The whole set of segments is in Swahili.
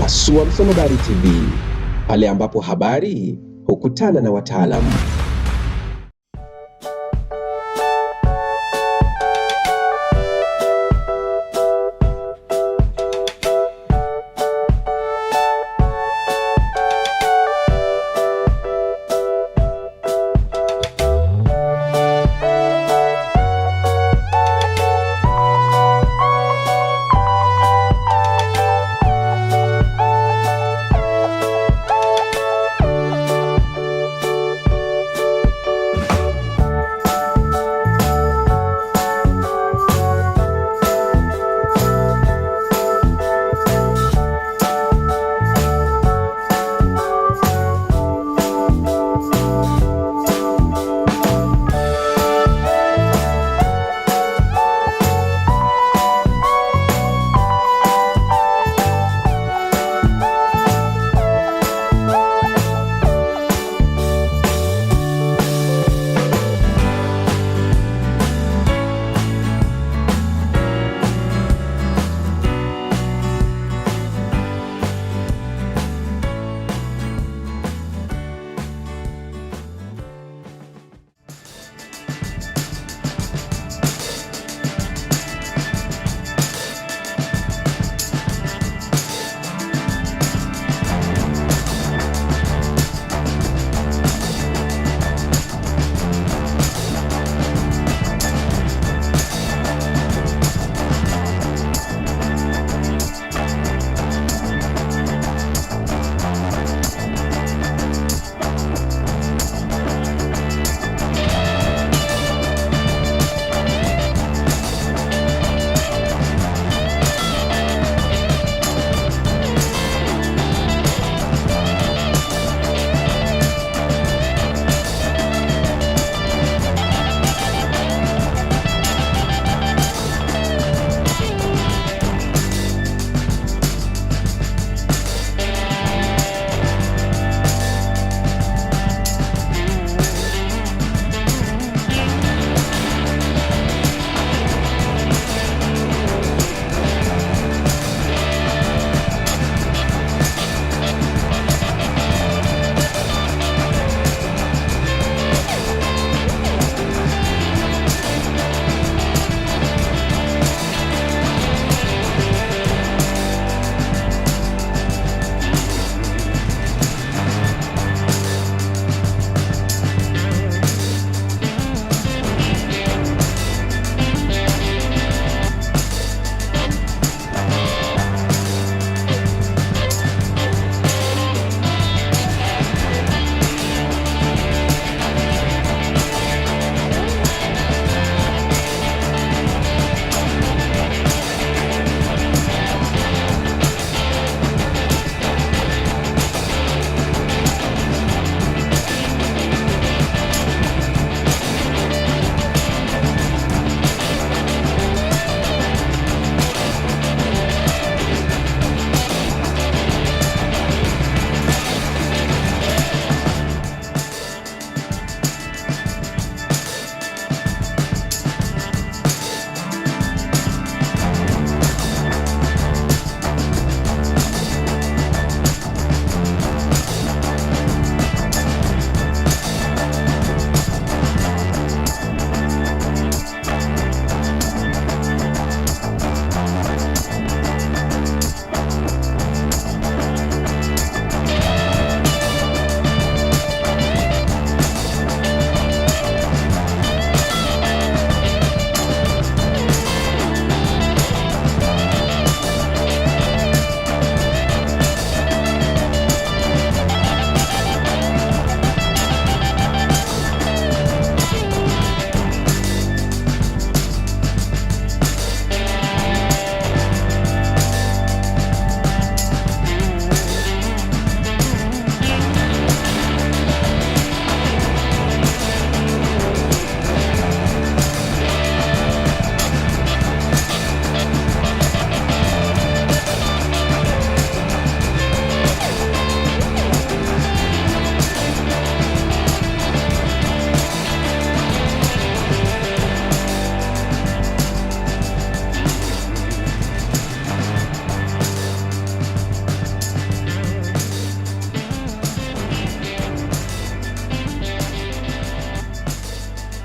Pasua Msonobari TV, pale ambapo habari hukutana na wataalamu.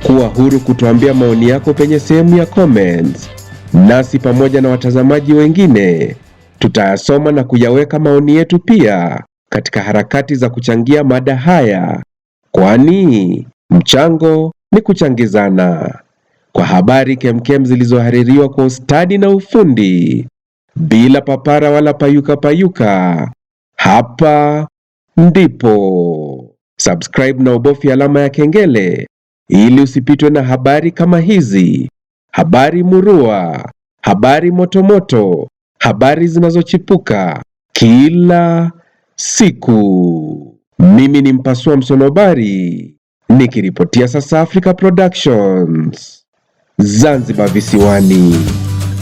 Kuwa huru kutuambia maoni yako penye sehemu ya comments, nasi pamoja na watazamaji wengine tutayasoma na kuyaweka maoni yetu pia katika harakati za kuchangia mada haya, kwani mchango ni kuchangizana. Kwa habari kemkem zilizohaririwa kwa ustadi na ufundi, bila papara wala payuka payuka, hapa ndipo. Subscribe na ubofi alama ya kengele ili usipitwe na habari kama hizi: habari murua, habari motomoto, habari zinazochipuka kila siku. Mimi ni Mpasua Msonobari nikiripotia sasa Africa Productions Zanzibar visiwani.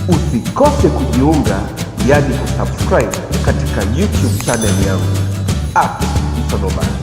Usikose kujiunga, yaani kusubscribe katika YouTube channel yangu Msonobari.